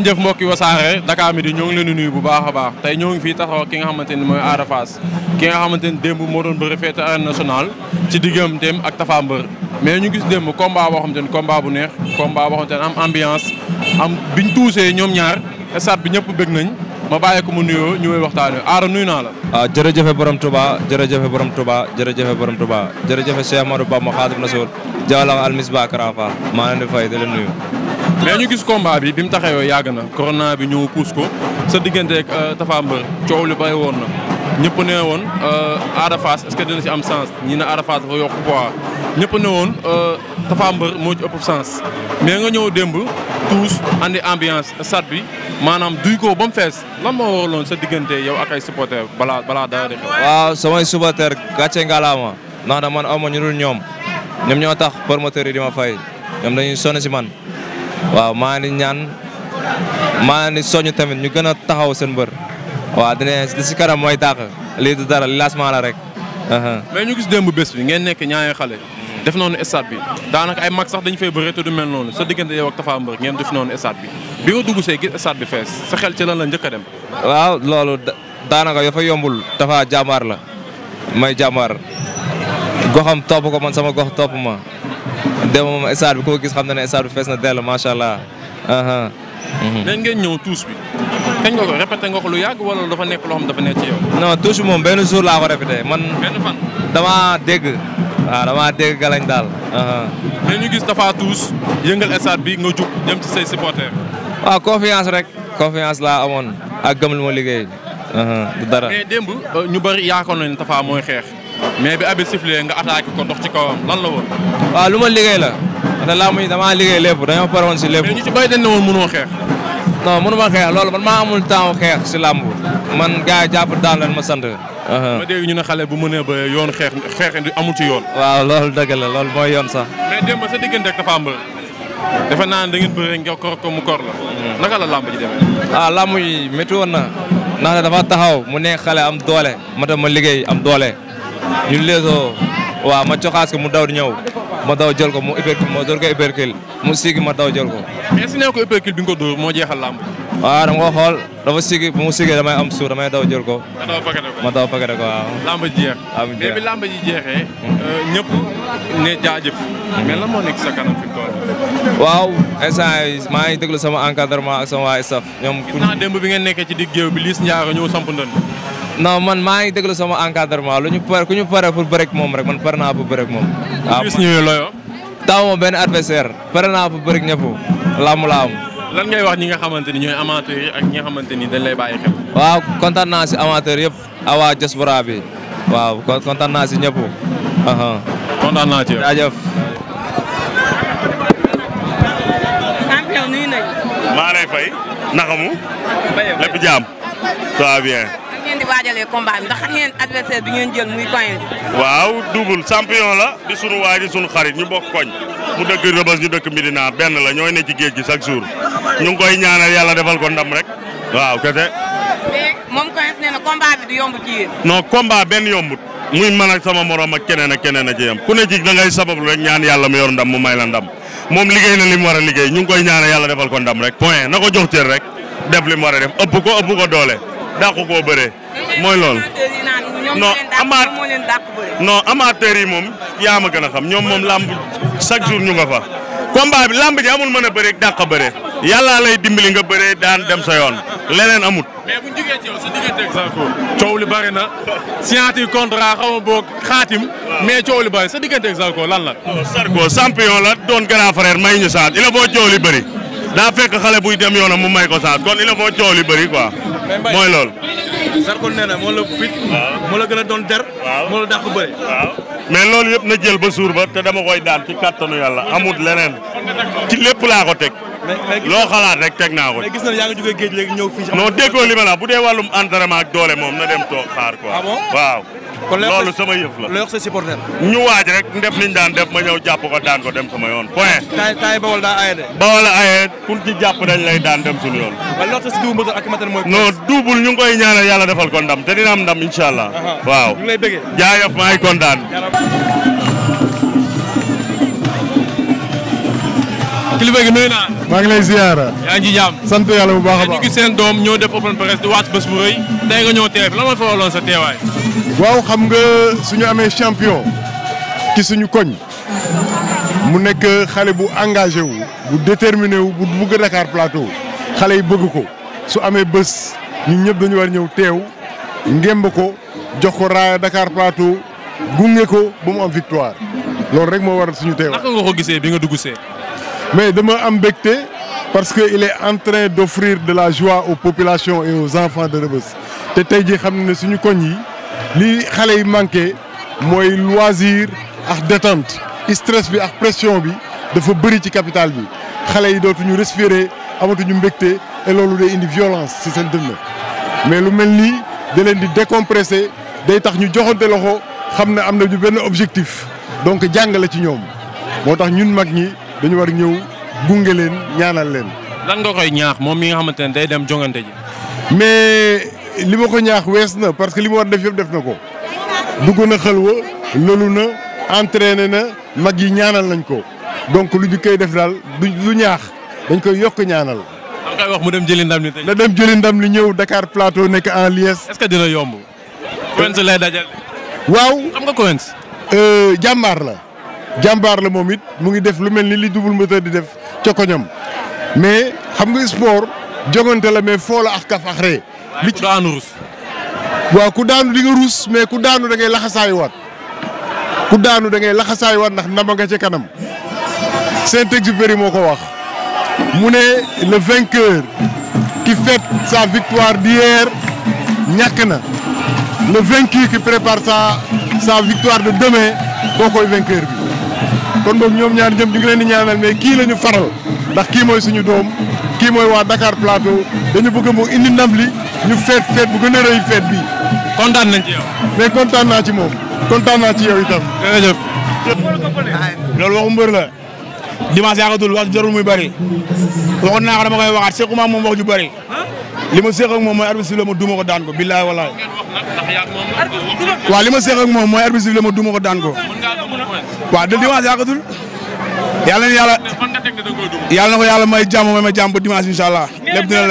ngeen jëf mbokki wasaare Dakar Midi ñoo ngi leen di nuyu bu baax a baax tey ñoo ngi fii taxaw ki nga xamante mooy Ada Fass ki nga xamante ni démb moo doon bëri fête arène nationale ci digganteem ak Tapha Mbeur mais ñu gis démb combat boo xamante ni combat bu neex combat boo xamante am ambiance am biñ tuusee ñoom ñaar stade bi ñëpp bëgg nañ ma bàyyi ko mu nuyoo ñu woy waxtaanee Ada nuyu naa la. ah jërëjëf borom Touba jërëjëf borom Touba jërëjëf borom Touba jërëjëf Cheikh Amadou Bamba Xaadimu Rasuul Jalla al Misbah Karafa maa leen di nuyu mais ñu gis combat bi bi mu taxawee yàgg na corona bi ñëw puus ko sa digganteeg euh, Tapha Mbeur coow li bay woon na ñëpp ne woon euh, Ada Fass que dina ci am sens ñi ne Ada Fass dafa yokk poids ñëpp ne woon euh, Tapha Mbeur moo ci ëpp sens. mais nga ñëw démb tous andi ambiance stade bi maanaam duy ko ba mu fees lan moo loon sa diggante yow ak ay supporters balaa balaa dara de. waaw samay supporters gàcce ngalaama ndax man aw ma ñu dul ñoom ñoom ñoo tax promoteurs yi di ma fay ñoom dañuy sonn ci man. waaw maa ngi ñaan maa ngi soñu tamit ñu gën a taxaw seen mbër waaw dina li si kanam mooy dàq lii du dara li lancement la rek. mais ñu gis démb bés bi ngeen nekk ñaari xale. def noonu stade bi daanaka ay mag sax dañu fay bëre du mel noonu sa diggante yow ak Tapha Mbeur ngeen def noonu stade bi bi nga dugg see gis stade bi fees sa xel ci lan la njëkk a dem. waaw loolu daanaka dafa yombul Tapha jàmbaar la may jàmbaar goxam topp ko man sama gox topp ma. dem moom stade bi koo gis xam na ne stade bi fees na dell macha allah. leen mhm. ngeen ñëw tuus bi. kañ nga ko répété nga lu yàgg wala dafa nekk loo xam dafa nekk ci yow. non tuus bi moom benn jour laa ko répété man. dama fan. damaa dégg. waaw damaa dégg galañ daal. mais ñu gis dafa tuus yëngal stade bi nga jug dem ci say supporters. waaw confiance rek. confiance laa amoon ak gëm lu ma liggéey. du dara mais démb euh, ñu bari yaakaar nañu Tapha mooy xeex. mais bi abi sifflé nga attaqué ko dox ci kawam lan la woon. waaw lu ma liggéey la. parce que laa muy damaa liggéey lépp dañoo pare woon si lépp. mais ñu ci béy dañ ne woon mënoo xeex. non mënu ma xeex loolu man maa amul temps xeex si làmb. man gars yi jàpp daan leen ma sant. Uh-huh. ma dégg ñu na xale bu mënee ba yoon xeex xeex amul ci yoon. waa loolu dëgg lool mooy yoon sax. mais démb sa diggante ak dafa am defe naa ne da ngeen bëri nga kor la. naka la làmb ji demee. ah làmb yi métti woon na. ndax dafa taxaw mu nekk xale am doole. ma dem ma liggéey am doole. ñu léegoo waaw ma coxaas ko mu daw ñëw ma daw jël ko mu uppercut ma door ko uppercut mu siigi ma daw jël ko. mais si ne ko uppercut bi nga ko dóor moo jeexal làmb. waaw ah, dama ko xool dafa sigi bu mu sigee damay am suuf damay daw jël ko. ma daw pakete ko lamba ji lamba ji jeex mais bi lamba ji hmm. euh, ñëpp ne jaajëf. mais lan maa ngi déglu sama encadrement ak sama waa staff. ñoom pour gis bi ngeen nekkee ci digg géew bi Liss Ndiago man maa ngi déglu sama encadrement lu ñu pare ku ñu pare pour bëreeg moom rek man pare naa pour bëreeg moom. waaw Liss ñëwee looyoo. taw ma benn adversaire pare naa pour bëreeg ñëpp laamu laam lan ngay wax ñi nga xamante ni ñooy amateur ak ñi nga xamante ni dañ lay bàyyi waaw kontaan naa si amateur yëpp awaa diaspora waaw kontaan naa si ñëpp. kontaan naa maa lay fay. naka mu. lépp jaam. tout bien. waajalee combat bi ndax xam ngeen adversaire bi ngeen jël muy koñ waaw double champion la di sunu waay di sunu xarit ñu bokk koñ mu dëkk Rëbës ñu dëkk Medina benn la ñoo ne ci géej gi chaque jour ñu ngi koy ñaanal yàlla defal ko ndam rek waaw kese. moom koñ nee na combat bi du yomb ci yéen. non combat benn yombut. muy man sama morom ak keneen ak keneen a ci yam ku ne ci da ngay sabablu rek ñaan yàlla mu yor ndam mu may la ndam moom liggéey na li mu a liggéey ñu ngi koy ñaanal yàlla defal ko ndam rek point na ko jox cër rek def li mu mooy lool no amaat non yi moom yaa ma gën a xam ñoom moom làmb chaque jour ñu nga fa. combat bi ji amul mën a bëre dàq a bëre. lay dimbali nga bëree daan dem sa yoon leneen amut. mais li bari na signature contra xaw ma boog xaatim. mais coow li bari sa diggante ko lan la. Zarko champion la doon grand frère may ñu saat il faut coow li bëri daa fekk xale buy dem yoonam mu may ko saat kon il faut coow li bëri quoi. mooy loolu. Zarko nee na moo la fit. moo la gën a doon der. moo la dàq bëre. mais loolu yëpp na jël ba suur ba te dama koy daan ci kàttanu yàlla amut leneen. ci lépp laa ko teg. loo xalaat rek teg naa ko. mais gis na yaa ngi jógee géej léegi ñëw fii. non déggoo li ma la bu dee wàllum entraînement ak doole moom na dem toog xaar quoi. Ah waaw. kon loolu sama yëf la looy waaj rek ndef liñ daan def ma ñëw jàpp ko daan ko dem sama yoon point. taay taay bawol daa aye de. bawol aye kun ci jàpp dañ lay daan dem suñu yoon. waaye loo xam si dugubu ak matin ñu ngi koy ñaanal defal ko ndam te dina am ndam incha allah. waaw ñu ngi jaayaf maay kontaan. kilifa gi nuyu naa. maa ngi lay ziyaara. yaa ngi ci sant yàlla bu baax a baax ñu gis seen doom ñoo def open press di waat bés bu rëy. tey nga ñëw teew lan mooy faraloon sa teewaay. waaw xam nga suñu amee champion. ci suñu koñ. mu nekk xale bu engagé wu. bu déterminé wu bu bugg Dakar Plateau. xale yi bëgg ko. su amee bës ñun ñëpp dañu war ñëw teew. ngemb ko jox ko raaya Dakar Plateau gunge ko ba mu am victoire loolu rek moo waral suñu teewaay. naka nga ko gisee bi nga dugg see. mais dama am mbégte parce que il est en train d'offrir de la joie aux populations et aux enfants de Rebeuss te tey jii xam ne suñu koñ yi li xale yi manqué mooy loisir ak détente stress bi ak pression bi dafa bëri ci capitale bi xale yi dootuñu respirer amatuñu mbégte et loolu indi violence si seen dënn mais lu mel nii da leen di décompresser day tax ñu joxante loxo xam ne am na ñu benn objectif donc jàngale ci ñoom moo tax ñun mag ñi. dañu war ñëw gunge leen ñaanal leen. lan nga koy ñaax moom mi nga xamante ne day dem jongante ji. mais li ma ko ñaax wees na parce que li ma war def yëpp def na ko. dugg na xalwa loolu na entraîné na mag yi ñaanal nañ ko donc lu ñu koy def daal du du ñaax dañ koy yokk ñaanal. da mu dem jëli ndam li tey. na dem jëli ndam li ñëw Dakar Plateau nekk en liesse. est-ce que dina yomb. Quench euh, lay dajal. waaw xam nga Quench. Euh, jàmbaar la. jàmbaar la moom it mu ngi def lu mel ni li double moteur di def ca koñam mais xam nga sport jogante la mais foola la ax kaf ax ree li daanu rus waaw ku daanu di nga ruus mais ku daanu dangay ngay laxasaayuwaat ku daanu da ngay laxasaayuwaat ndax ndama nga ca kanam Saint-Exupéry moo ko wax mu ne le vainqueur qui fête sa victoire d'hier ñàkk na le vaincu qui prépare sa sa victoire de demain koo koy vainqueur bi kon boog ñoom ñaar ñëpp ñu ngi leen di kii la ñu faral ndax kii mooy suñu doom kii mooy waa Dakar Plateau dañu bëgg mu indi ndam li ñu feet feet bu gën a rëy feet bi kontaan nañ ci yow. mais kontaan naa ci moom kontaan naa ci yow itam. jërëjëf. loolu waxu mbër la. dimanche yaakaar wax jarul muy bari waxoon naa ko dama koy waxaat sequma moom wax ju bari. li ma seex ak moom mooy arbitre ma duma ko daan ko billaay walaay. waaw li ma seex ak moom mooy arbitre ma duma ko daan ko. waa de dimanche yàggatul. yàlla na ko yàlla may jàmm may ma jàmm ba dimanche incha allah leer.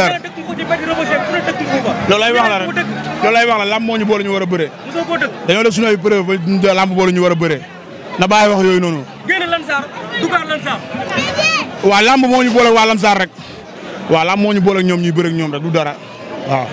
loolu lay wax la rek loolu lay wax la làmb ñu boole ñu war a bëree. dañoo def suñu ay preuve ba làmb boole ñu war a bëree na bàyyi wax yooyu noonu. waaw làmb moo ñu boole waa Lamsaar rek. waaw laa moo ñu boole ñoom ñuy bëre ak ñoom rek du dara waaw.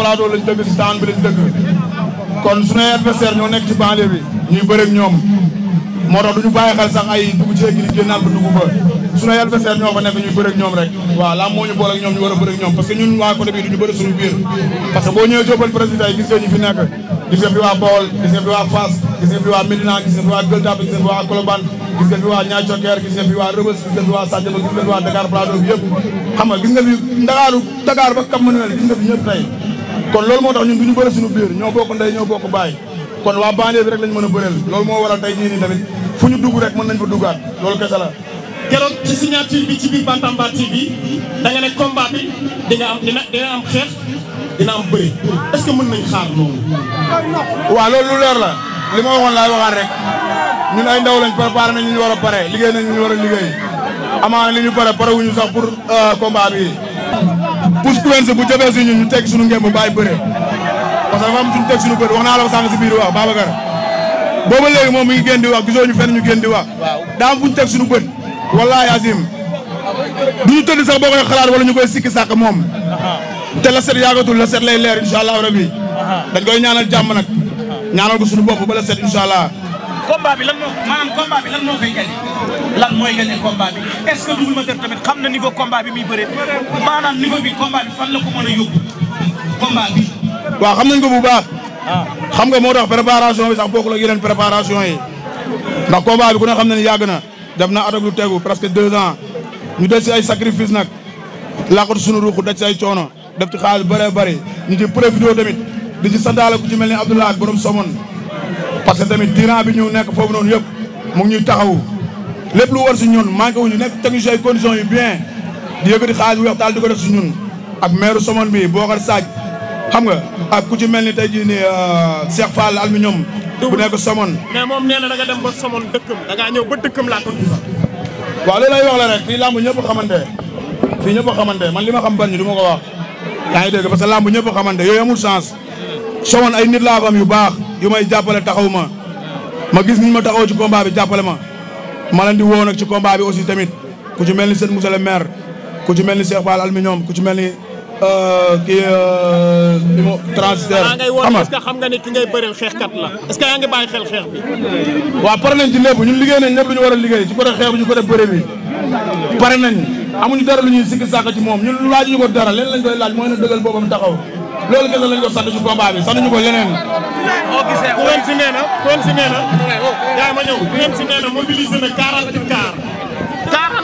plateau lañ dëgg si parce que boo ñëwee Joppal président yi gis nga fi nekk gis fi waa Bawol gis fi waa Fass gis fi waa Médina gis fi waa Gueule Tapée fi waa Colobane gis fi waa Niayes Thioker bi yëpp xam nga fi Ndakaaru Dakar ba Cap Manuel fi ñëpp kon loolu moo tax ñun du ñu bëri suñu biir ñoo bokk ndey ñoo bokk bàyyi kon waa banlieue rek lañ mën a bëreel loolu moo waral tey ñii nii fu ñu dugg rek mën nañ fa duggaat loolu kese la. keroog ci signature bi ci biir Bantamba TV da nga ne combat bi di nga am dina dina am xeex dina am bëri est-ce que mën nañ xaar loolu. waaw loolu lu leer la li ma waxoon laay waxaat rek ñun ay ndaw lañ préparé nañ ñu war a pare liggéey nañ ñu war a liggéey amaana li ñu pare pare sax pour euh, combat bi. pousse Kouwén bu jëfee si ñun ñu teg suñu ngeen bu bàyyi bëre parce que dafa teg suñu bëre wax naa la ko sànq si biir wax Babacar booba léegi moom mi ngi génn di wa gisoo ñu fenn ñu génn di wax daa am fu ñu teg suñu bët wallahi azim du ñu tëdd sax boo koy xalaat wala ñu koy sikki sàkk moom te la set yaagatul la set lay leer incha allah rabbi dañ koy ñaanal jàmm nag ñaanal ko suñu bopp ba la set incha allah combat bi lan moo maanaam combat bi lan moo koy gagné lan mooy gagné combat bi est-ce que Double Moteur xam na niveau ko mën a yóbbu combat xam nañ ko bu baax. Ah. xam nga moo tax préparation bi sax bokkul ak yeneen préparation yi ndax combat ku ne xam na ne yàgg na def na at bu tegu presque deux ans ñu des si ay sacrifice nag laqatu sunu ruux def ci ay coono def ci xaalis bëree bëri ñu ci profité tamit di ci santaale ku ci mel ne Abdoulaye borom Somone. parce que tamit tyran bi ñu nekk foofu noonu yëpp mu ngi ñuy taxawu lépp lu war si ñun manqué wuñu nekk technicien condition yu bien di yëkkati xaalis bu weex di ko def si ñun ak maire somone bi Bokar Saaj xam nga ak ku ci mel ni tey jii ni euh, Cheikh Fall aluminium bu nekk somone mais moom nee na da nga dem ba somone dëkkam da ngaa ñëw ba dëkkam laa ko waaw loolu lay wax la rek ñëpp xamante fii ñëpp xamante man li ma xam bari ñu du ma ko wax yaa ngi dégg parce que làmb ñëpp xamante yooyu amul chance somone ay nit am yu baax yu may jàppale taxaw ma ma gis ñu ma taxaw ci combat bi jàppale ma ma leen di woo nag ci combat bi aussi tamit ku ci ni seen monsieur le maire ku ci mel ni Cheikh Fall aluminium ku ci mel ni euh, kii bi euh, ngay woon est xam nga ni ki ngay bëreel xeexkat la. est-ce que yaa xel xeex bi. waaw pare nañ ci lépp liggéey nañ lépp lu ñu war a liggéey ci côté xeex bi ci côté bëre pare nañ amuñu dara lu ñuy sikki sàkk ci moom ñun laajuñu ko dara leen lañ koy laaj mooy na taxaw. loolu gën lañ ko sant ci combat bi sant ñu ko leneen. boo gisee kuréel si nee na kuréel si nee na. ma ñëw kuréel si nee na mobilisé na 40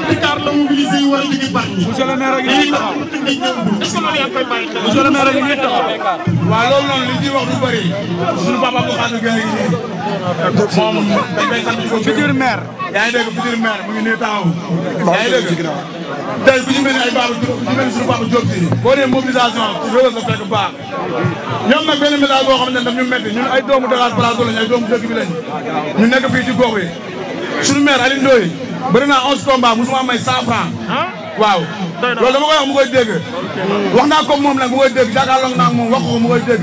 Dakar la mobiliser a liggéey baax ñi. monsieur le maire ngi taxaw est-ce que loolu yaa ngi koy bàyyi xel. monsieur le maire ngi taxaw. waaw loolu noonu li ñuy wax lu bëri. suñu papa bu a ngi nii. moom dañ koy sant bu ñu mel ni ay Baba Diop bu ñu mel ni suñu Baba Diop bii. boo nee mobilisation ñoom nag benn message boo xam ne daf ñu métti ñun ay doomu Dakar Plateau lañ ay doomu dëkk bi lañ ñu nekk fii ci gox suñu maire Alioune Ndoye bëri naa onze combats musuma may cent franc ah? waaw loolu dama koy wax mu koy dégg wax naa ko moom nag mu koy dégg jàkkaarloo naa moom wax ko mu koy dégg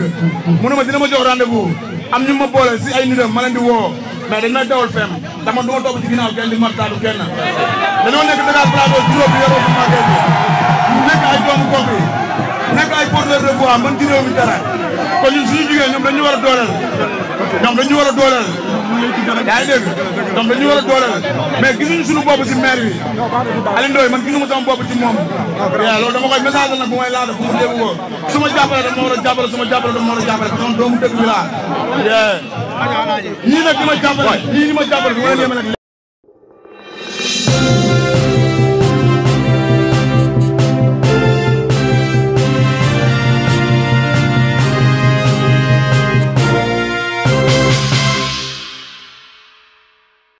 mu ne ma dina ma jox rendez-vous am ñu ma boole si ay nitam ma di woo mais dañ may dawal fem ndax man du ma toog ci ginnaaw kenn di ma taatu kenn dañoo nekk Dakar Plateau juróom bi yoroo bu ay doomu gox yi nekk ay porteur de voix mën ci réew mi dara kon ñun suñu jigéen ñoom dañu war a dooleel ñoom dañu war a dooleel yaa ngi dégg ñoom dañu war a dooleel mais gisuñu suñu si maire bi Aliou Ndoye man gisuma sama bopp ci moom yaa loolu dama koy message nag bu may laata bu mu dégg ko su ma jàppale dama war a jàppale su ma jàppale dama war a jàppale ñoom doomu dëkk bi laa ñii nag di ma jàppale ñii di ma jàppale bu ma leen yemale